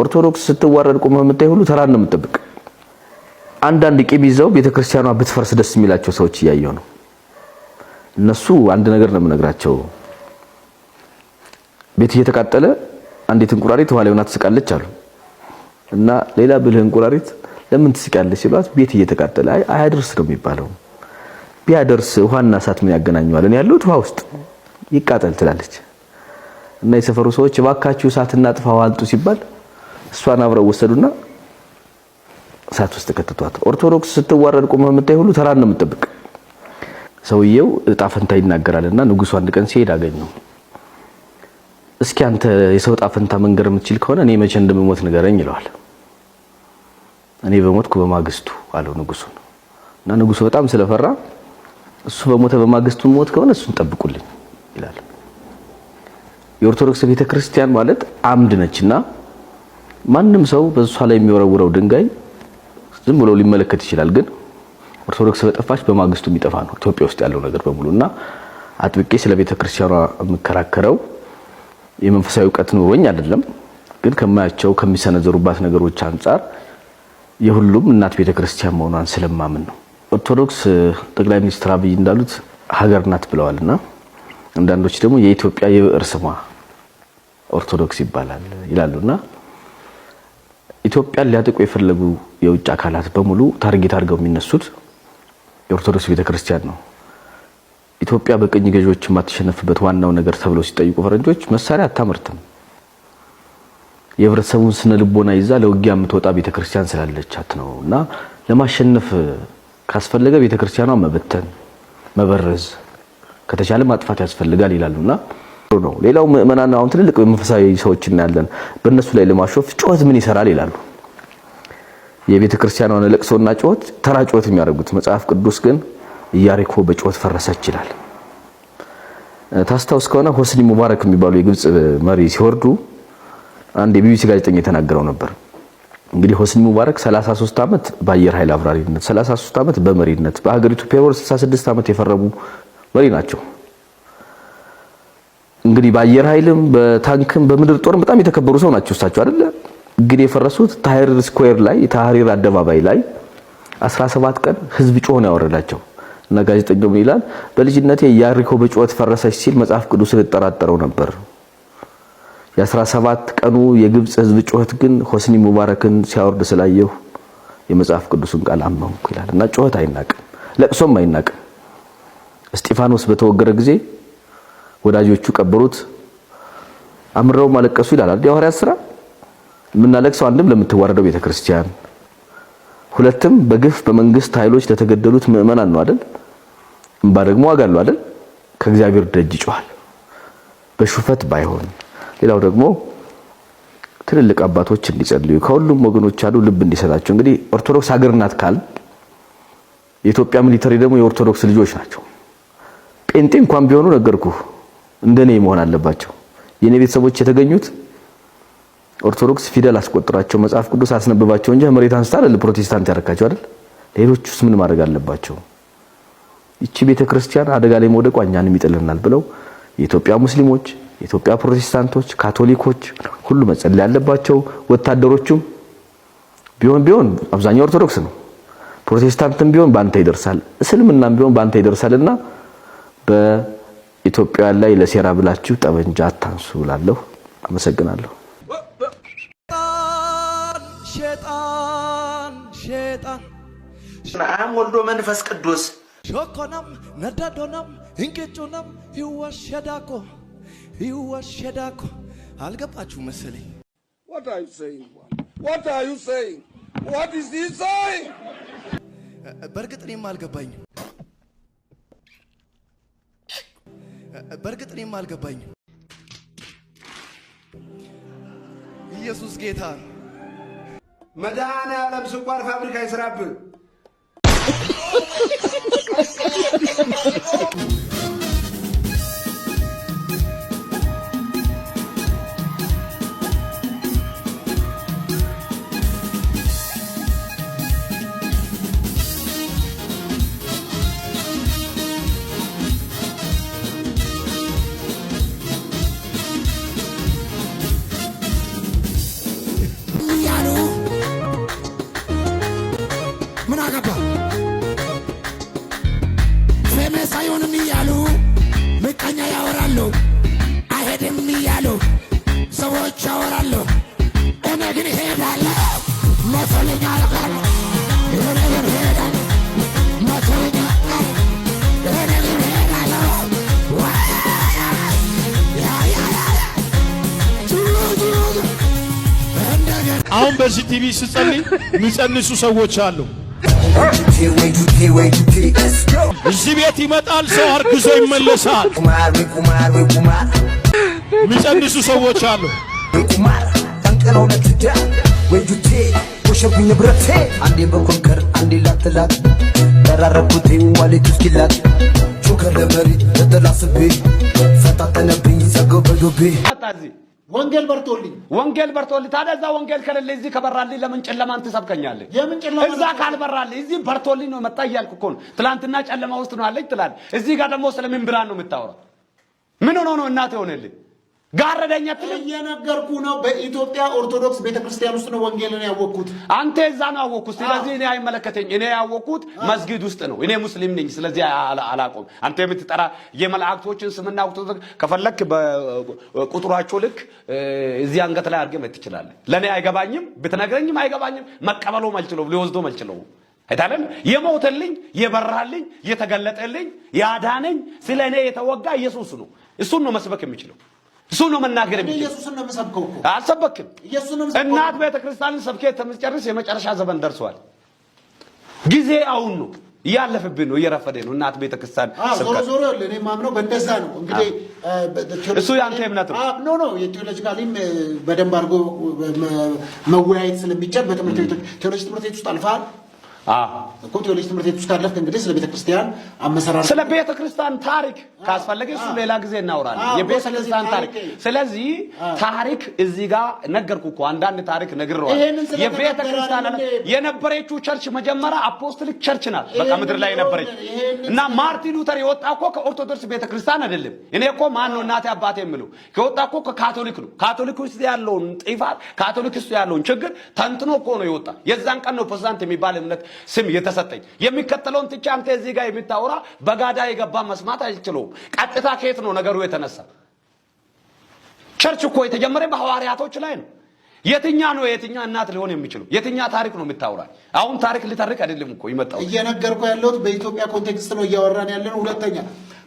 ኦርቶዶክስ ስትዋረድ ቆመ የምታይ ሁሉ ተራን ነው የምጠብቅ። አንዳንድ ቂም ይዘው ቤተክርስቲያኗ ብትፈርስ ደስ የሚላቸው ሰዎች እያየው ነው። እነሱ አንድ ነገር ነው የምነግራቸው። ቤት እየተቃጠለ አንዲት እንቁራሪት ውሃ ላይ ሆና ትስቃለች አሉ እና ሌላ ብልህ እንቁራሪት ለምን ትስቃለች ሲሏት ቤት እየተቃጠለ አይ አያደርስ ነው የሚባለው። ቢያደርስ ውሃና እሳት ምን ያገናኘዋል? እኔ ያለሁት ውሃ ውስጥ ይቃጠል ትላለች። እና የሰፈሩ ሰዎች እባካችሁ እሳትና ጥፋ ውሃ ሲባል እሷን አብረው ወሰዱና እሳት ውስጥ ከተቷት። ኦርቶዶክስ ስትዋረድ ቆመ የምታይ ሁሉ ተራ ነው የምጠብቅ። ሰውየው እጣ ፈንታ ይናገራልና ንጉሱ አንድ ቀን ሲሄድ አገኘው። እስኪ አንተ የሰው እጣ ፈንታ መንገር የምትችል ከሆነ እኔ መቼ እንደምሞት ንገረኝ ይለዋል። እኔ በሞትኩ በማግስቱ አለው ንጉሱ። እና ንጉሱ በጣም ስለፈራ እሱ በሞተ በማግስቱ ሞት ከሆነ እሱን ጠብቁልኝ ይላል። የኦርቶዶክስ ቤተክርስቲያን ማለት አምድ ነችና ማንም ሰው በእሷ ላይ የሚወረውረው ድንጋይ ዝም ብሎ ሊመለከት ይችላል። ግን ኦርቶዶክስ በጠፋች በማግስቱ የሚጠፋ ነው ኢትዮጵያ ውስጥ ያለው ነገር በሙሉ እና አጥብቄ ስለ ቤተ ክርስቲያኗ የምከራከረው የመንፈሳዊ እውቀት ኑሮኝ አይደለም። ግን ከማያቸው ከሚሰነዘሩባት ነገሮች አንጻር የሁሉም እናት ቤተ ክርስቲያን መሆኗን ስለማምን ነው። ኦርቶዶክስ ጠቅላይ ሚኒስትር አብይ እንዳሉት ሀገር ናት ብለዋል እና አንዳንዶች ደግሞ የኢትዮጵያ የብዕር ስሟ ኦርቶዶክስ ይባላል ይላሉና ኢትዮጵያን ሊያጠቁ የፈለጉ የውጭ አካላት በሙሉ ታርጌት አድርገው የሚነሱት የኦርቶዶክስ ቤተክርስቲያን ነው። ኢትዮጵያ በቅኝ ገዢዎች የማትሸነፍበት ዋናው ነገር ተብለው ሲጠይቁ ፈረንጆች መሳሪያ አታመርትም፣ የህብረተሰቡን ስነ ልቦና ይዛ ለውጊያ የምትወጣ ቤተክርስቲያን ስላለቻት ነው። እና ለማሸነፍ ካስፈለገ ቤተክርስቲያኗ መበተን፣ መበረዝ ከተቻለ ማጥፋት ያስፈልጋል ይላሉና ነው። ሌላው ምእመናን አሁን ትልልቅ መንፈሳዊ ሰዎች እናያለን። በእነሱ ላይ ለማሾፍ ጩኸት ምን ይሰራል ይላሉ። የቤተ ክርስቲያኗን ለቅሶና ጩኸት ተራ ጩኸት የሚያደርጉት መጽሐፍ ቅዱስ ግን ኢያሪኮ በጩኸት ፈረሰች ይላል። ታስታውስ ከሆነ ሆስኒ ሙባረክ የሚባሉ የግብጽ መሪ ሲወርዱ አንድ የቢቢሲ ጋዜጠኛ የተናገረው ነበር። እንግዲህ ሆስኒ ሙባረክ 33 ዓመት በአየር ኃይል አብራሪነት፣ 33 ዓመት በመሪነት በሀገሪቱ ፔሮር 66 ዓመት የፈረሙ መሪ ናቸው። እንግዲህ በአየር ኃይልም በታንክም በምድር ጦርም በጣም የተከበሩ ሰው ናቸው እሳቸው አይደለ። ግን የፈረሱት ታህሪር ስኩዌር ላይ ታህሪር አደባባይ ላይ 17 ቀን ህዝብ ጮሆ ነው ያወረዳቸው እና ጋዜጠኛው ምን ይላል? በልጅነቴ ያሪኮ በጩኸት ፈረሰች ሲል መጽሐፍ ቅዱስ ልጠራጠረው ነበር። የ17 ቀኑ የግብጽ ህዝብ ጩኸት ግን ሆስኒ ሙባረክን ሲያወርድ ስላየሁ የመጽሐፍ ቅዱስን ቃል አመንኩ ይላል እና ጩኸት አይናቅም፣ ለቅሶም አይናቅም። እስጢፋኖስ በተወገረ ጊዜ ወዳጆቹ ቀበሩት፣ አምረው ማለቀሱ ይላል አይደል የሐዋርያት ስራ። የምናለቅሰው አንድም ለምትዋረደው ቤተክርስቲያን፣ ሁለትም በግፍ በመንግስት ኃይሎች ለተገደሉት ምእመናን ነው አይደል። እንባ ደግሞ ዋጋ አለው አይደል። ከእግዚአብሔር ደጅ ይጮሃል በሹፈት ባይሆን። ሌላው ደግሞ ትልልቅ አባቶች እንዲጸልዩ ከሁሉም ወገኖች አሉ ልብ እንዲሰጣቸው። እንግዲህ ኦርቶዶክስ ሀገር ናት ካል የኢትዮጵያ ሚሊተሪ ደግሞ የኦርቶዶክስ ልጆች ናቸው። ጴንጤ እንኳን ቢሆኑ ነገርኩ እንደኔ መሆን አለባቸው። የኔ ቤተሰቦች የተገኙት ኦርቶዶክስ ፊደል አስቆጥራቸው መጽሐፍ ቅዱስ አስነብባቸው እንጂ መሬት አንስታ አይደል ፕሮቴስታንት ያረካቸው አይደል? ሌሎቹስ ምን ማድረግ አለባቸው? እቺ ቤተ ክርስቲያን አደጋ ላይ መውደቋ እኛንም ይጥልናል ብለው የኢትዮጵያ ሙስሊሞች፣ የኢትዮጵያ ፕሮቴስታንቶች፣ ካቶሊኮች ሁሉ መጸለይ ያለባቸው። ወታደሮቹም ቢሆን ቢሆን አብዛኛው ኦርቶዶክስ ነው። ፕሮቴስታንትም ቢሆን በአንተ ይደርሳል፣ እስልምናም ቢሆን በአንተ ይደርሳልና በ ኢትዮጵያውያን ላይ ለሴራ ብላችሁ ጠመንጃ አታንሱ እላለሁ። አመሰግናለሁ። አብ ወልዶ መንፈስ ቅዱስ ሾኮናም ነዳዶናም እንቅጩናም ይወሸዳኮ ይወሸዳኮ አልገባችሁ መሰለኝ። በእርግጥ እኔም አልገባኝም። በእርግጥ እኔም አልገባኝ። ኢየሱስ ጌታ መድኃኔ ዓለም ስኳር ፋብሪካ ይስራብን። አድርገው ፌመስ አይሆንም እያሉ ምቀኛ ያወራሉ። አይሄድም እያሉ ሰዎች ያወራሉ። እኔ ግን አሁን በዚህ ቲቪ ስጸልይ የሚጸንሱ ሰዎች አሉ። እዚህ ቤት ይመጣል ሰው አርግዞ ይመለሳል። የሚጸንሱ ሰዎች አሉ። ወይ ቁማር ጁቴ ንብረቴ አንዴ በኮንከር አንዴ ላትላት ተራረኩት ዋሌት ውስኪላት ቾከር ለመሬት ተተላስቤ ፈጣጠነብኝ ዘገበዶቤ ወንጌል በርቶልኝ ወንጌል በርቶልኝ። ታዲያ እዛ ወንጌል ከሌለ እዚህ ከበራልኝ ለምን ጨለማን ትሰብከኛለህ? እዛ ካልበራልኝ እዚህ በርቶልኝ ነው መጣ እያልኩ እኮ ነው። ትላንትና ጨለማ ውስጥ ነው አለኝ ትላለህ። እዚህ ጋር ደግሞ ስለምን ብርሃን ነው የምታወራው? ምን ሆኖ ነው እናት የሆነልኝ? ጋረደኛ እየነገርኩ ነው። በኢትዮጵያ ኦርቶዶክስ ቤተክርስቲያን ውስጥ ነው ወንጌልን ያወቅኩት። አንተ እዛ ነው ያወቅኩት። ስለዚህ እኔ አይመለከተኝ። እኔ ያወቅኩት መስጊድ ውስጥ ነው። እኔ ሙስሊም ነኝ። ስለዚህ አላቆም። አንተ የምትጠራ የመላእክቶችን ስምና ከፈለክ በቁጥሯቸው ልክ እዚህ አንገት ላይ አድርገህ መት ትችላለህ። ለእኔ አይገባኝም። ብትነግረኝም አይገባኝም። መቀበሎም ሊወስዶም አይታለም የሞተልኝ የበራልኝ የተገለጠልኝ ያዳነኝ ስለ እኔ የተወጋ ኢየሱስ ነው። እሱን ነው መስበክ እሱ ነው መናገር የሚችል። ኢየሱስን ነው የምሰብከው እኮ አልሰበክም። እናት ቤተ ክርስቲያንን ሰብኬ ተምጨርስ የመጨረሻ ዘመን ደርሷል። ጊዜ አሁን ነው፣ እያለፍብን ነው፣ እየረፈደ ነው። እናት ቤተ ክርስቲያን ሰብከ ዞሮ ለኔ ማምነው በእንደዛ ነው። እንግዲህ እሱ ያንተ እምነት ነው። ኖ ኖ የቴዎሎጂካሊም በደንብ አድርጎ መወያየት ስለሚቻል በትምህርት ቤቶች ቴዎሎጂ ትምህርት ቤት ውስጥ አልፋል እኮ ቴዎሎጂ ትምህርት ቤት ውስጥ ካለፍክ እንግዲህ ስለ ቤተክርስቲያን ክርስቲያን አመሰራር ስለ ቤተክርስቲያን ታሪክ ካስፈለገ እሱ ሌላ ጊዜ እናወራለን። የቤተክርስቲያን ታሪክ። ስለዚህ ታሪክ እዚህ ጋር ነገርኩ እኮ አንዳንድ ታሪክ ነግሬዋለሁ። የቤተ የነበረችው ቸርች መጀመሪያ አፖስቶሊክ ቸርች ናት፣ በቃ ምድር ላይ የነበረች እና ማርቲን ሉተር የወጣ እኮ ከኦርቶዶክስ ቤተክርስቲያን አይደለም። እኔ እኮ ማን ነው እናቴ አባቴ የምለው ከወጣ እኮ ከካቶሊክ ነው። ካቶሊክ ውስጥ ያለውን ጥፋት፣ ካቶሊክ ውስጥ ያለውን ችግር ተንትኖ እኮ ነው የወጣ። የዛን ቀን ነው ፕሮቴስታንት የሚባል እምነት ስም የተሰጠኝ። የሚከተለውን ትቼ አንተ እዚህ ጋር የምታወራ በጋዳ የገባ መስማት አይችሉም። ቀጥታ ከየት ነው ነገሩ የተነሳ? ቸርች እኮ የተጀመረ በሐዋርያቶች ላይ ነው። የትኛ ነው የትኛ እናት ሊሆን የሚችለው? የትኛ ታሪክ ነው የምታወራ? አሁን ታሪክ ልተርክ አይደለም እኮ ይመጣው እየነገርኩ ያለሁት በኢትዮጵያ ኮንቴክስት ነው እያወራን ያለን። ሁለተኛ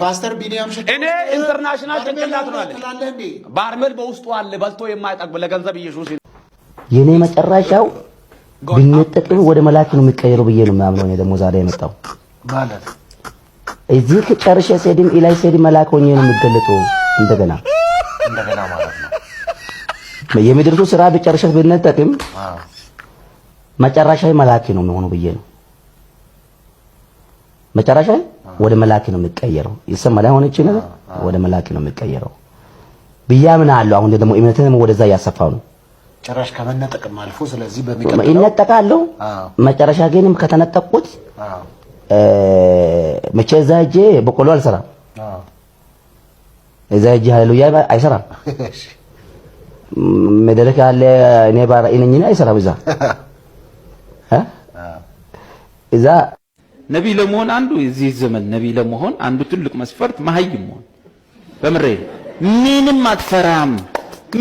ፓስተር ቢኒያም እኔ ኢንተርናሽናል ጭንቅላት ነው አለ ባርሜል በውስጡ አለ በልቶ የማይጠግብ ለገንዘብ ኢየሱስ የኔ መጨረሻው ቢነጠቅም ወደ መላክ ነው የሚቀየረው ብዬ ነው የማምነው። ደግሞ ዛሬ የመጣው እዚህ ጨርሼ ስሄድም ኢላይ ስሄድም መላክ ሆኜ ነው የሚገለጡ እንደገና እንደገና ማለት ነው የምድርቱ ስራ ብጨርሸት ብንጠቅም መጨረሻ መላክ ነው የሚሆነው ብዬ ነው። መጨረሻ ወደ መላክ ነው የሚቀየረው። ይሰማል። ሆነች ነገር ወደ መላክ ነው የሚቀየረው ብዬ አለው። አሁን ደግሞ እምነትን ወደዛ እያሰፋው ነው ጭራሽ ከመነጠቅም አልፎ ስለዚህ በሚቀጥለው ይነጠቃሉ። መጨረሻ ግንም ከተነጠቁት መቼ እዛ ሂጄ በቆሎ አልሰራም። እዛ ሂጄ ሃሌሉያ አይሰራም። መድረክ ያለ እኔ ባራእይ ነኝ አይሰራም። እዛ እዛ ነቢይ ለመሆን አንዱ የዚህ ዘመን ነቢይ ለመሆን አንዱ ትልቅ መስፈርት መሀይም መሆን። በምሬ ምንም አትፈራም፣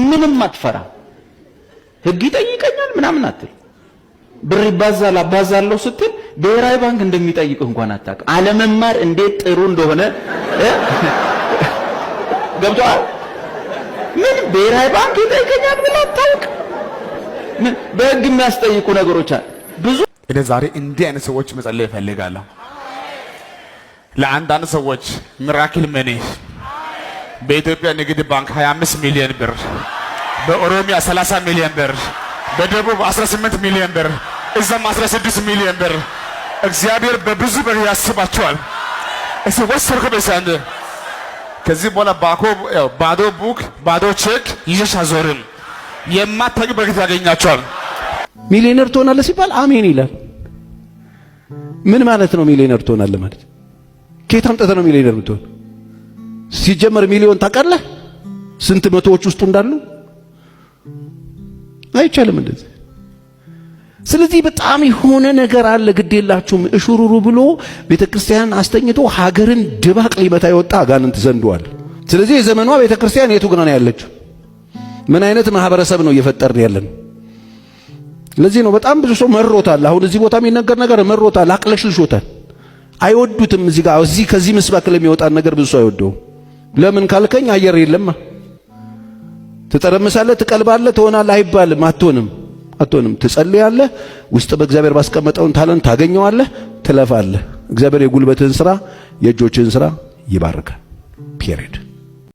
ምንም አትፈራም። ህግ ይጠይቀኛል ምናምን አትል። ብር ይባዛል አባዛለሁ ስትል ብሔራዊ ባንክ እንደሚጠይቅህ እንኳን አታውቅም። አለመማር እንዴት ጥሩ እንደሆነ ገብቶሃል? ምን ብሔራዊ ባንክ ይጠይቀኛል ምን አታውቅ። ምን በህግ የሚያስጠይቁ ነገሮች አሉ ብዙ። እኔ ዛሬ እንዲህ አይነት ሰዎች መጸለይ እፈልጋለሁ። ለአንዳንድ ሰዎች ሚራክል መኒ በኢትዮጵያ ንግድ ባንክ 25 ሚሊዮን ብር በኦሮሚያ 30 ሚሊዮን ብር፣ በደቡብ 18 ሚሊዮን ብር፣ እዛም 16 ሚሊዮን ብር እግዚአብሔር በብዙ ብር ያስባቸዋል። እስ ወሰርከ በሳንድ ከዚህ በኋላ ባኮ ባዶ ቡክ ባዶ ቼክ ይዘሽ አዞርም። የማታዩ በረከት ያገኛቸዋል። ሚሊዮነር ትሆናለህ ሲባል አሜን ይላል። ምን ማለት ነው? ሚሊዮነር ትሆናለ ማለት ከየት አምጥተህ ነው ሚሊዮነር ምትሆን? ሲጀመር ሚሊዮን ታውቃለህ? ስንት መቶዎች ውስጡ እንዳሉ አይቻልም እንደዚህ። ስለዚህ በጣም የሆነ ነገር አለ። ግድ የላችሁም እሹሩሩ ብሎ ቤተክርስቲያንን አስተኝቶ ሀገርን ድባቅ ሊመታ የወጣ አጋንንት ዘንዷል። ስለዚህ የዘመኗ ቤተክርስቲያን የቱ ግና ነው ያለችው? ምን አይነት ማህበረሰብ ነው እየፈጠርን ያለን? ለዚህ ነው በጣም ብዙ ሰው መሮታል። አሁን እዚህ ቦታ የሚነገር ነገር መሮታል፣ አቅለሽልሾታል። አይወዱትም። እዚህ ጋር እዚህ ከዚህ ምስባክ ለሚወጣን ነገር ብዙ ሰው አይወደውም። ለምን ካልከኝ አየር የለማ ትጠረምሳለህ፣ ትቀልባለህ፣ ትሆናለህ አይባልም። አትሆንም አትሆንም። ትጸልያለህ፣ ውስጥ በእግዚአብሔር ባስቀመጠውን ታለን ታገኘዋለህ፣ ትለፋለህ። እግዚአብሔር የጉልበትህን ስራ የእጆችህን ስራ ይባርካል። ፔሬድ